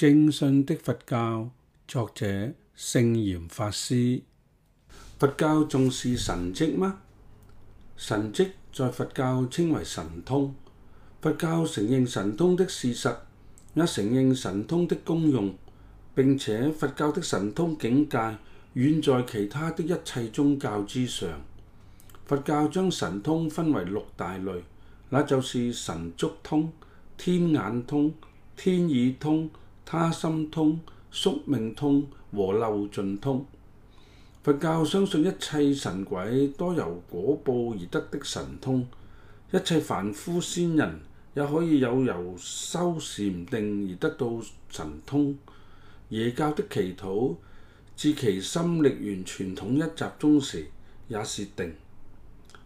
正信的佛教，作者聖嚴法師。佛教重視神蹟嗎？神蹟在佛教稱為神通。佛教承認神通的事實，也承認神通的功用。並且佛教的神通境界遠在其他的一切宗教之上。佛教將神通分為六大類，那就是神足通、天眼通、天耳通。他心通、宿命通和漏盡通。佛教相信一切神鬼多由果報而得的神通，一切凡夫仙人也可以有由修禪定而得到神通。耶教的祈禱至其心力完全統一集中時，也是定。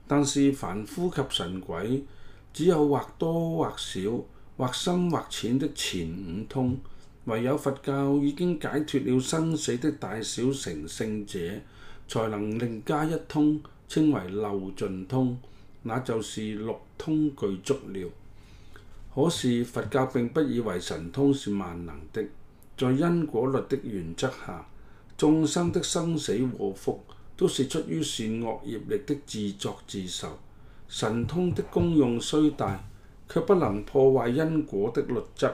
但是凡夫及神鬼只有或多或少、或深或淺的前五通。唯有佛教已經解脫了生死的大小成聖者，才能另加一通，稱為漏盡通，那就是六通具足了。可是佛教並不以為神通是萬能的，在因果律的原則下，眾生的生死禍福都是出於善惡業力的自作自受。神通的功用雖大，卻不能破壞因果的律則。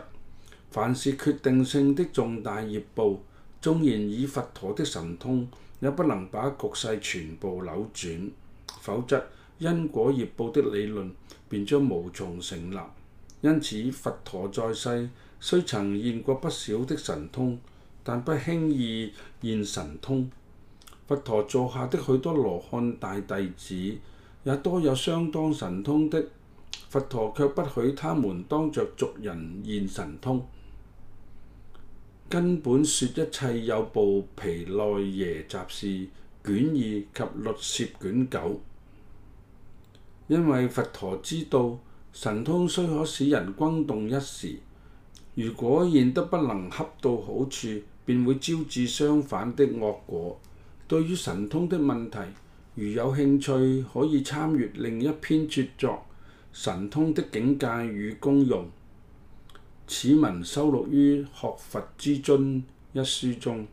凡是決定性的重大業報，縱然以佛陀的神通，也不能把局勢全部扭轉。否則，因果業報的理論便將無從成立。因此，佛陀在世雖曾現過不少的神通，但不輕易現神通。佛陀座下的許多羅漢大弟子，也多有相當神通的，佛陀卻不許他們當着俗人現神通。根本說一切有部毗奈耶雜事卷二及律攝卷九，因為佛陀知道神通雖可使人轟動一時，如果現得不能恰到好處，便會招致相反的惡果。對於神通的問題，如有興趣，可以參閱另一篇拙作《神通的境界與功用》。此文收錄於《學佛之尊》一書中。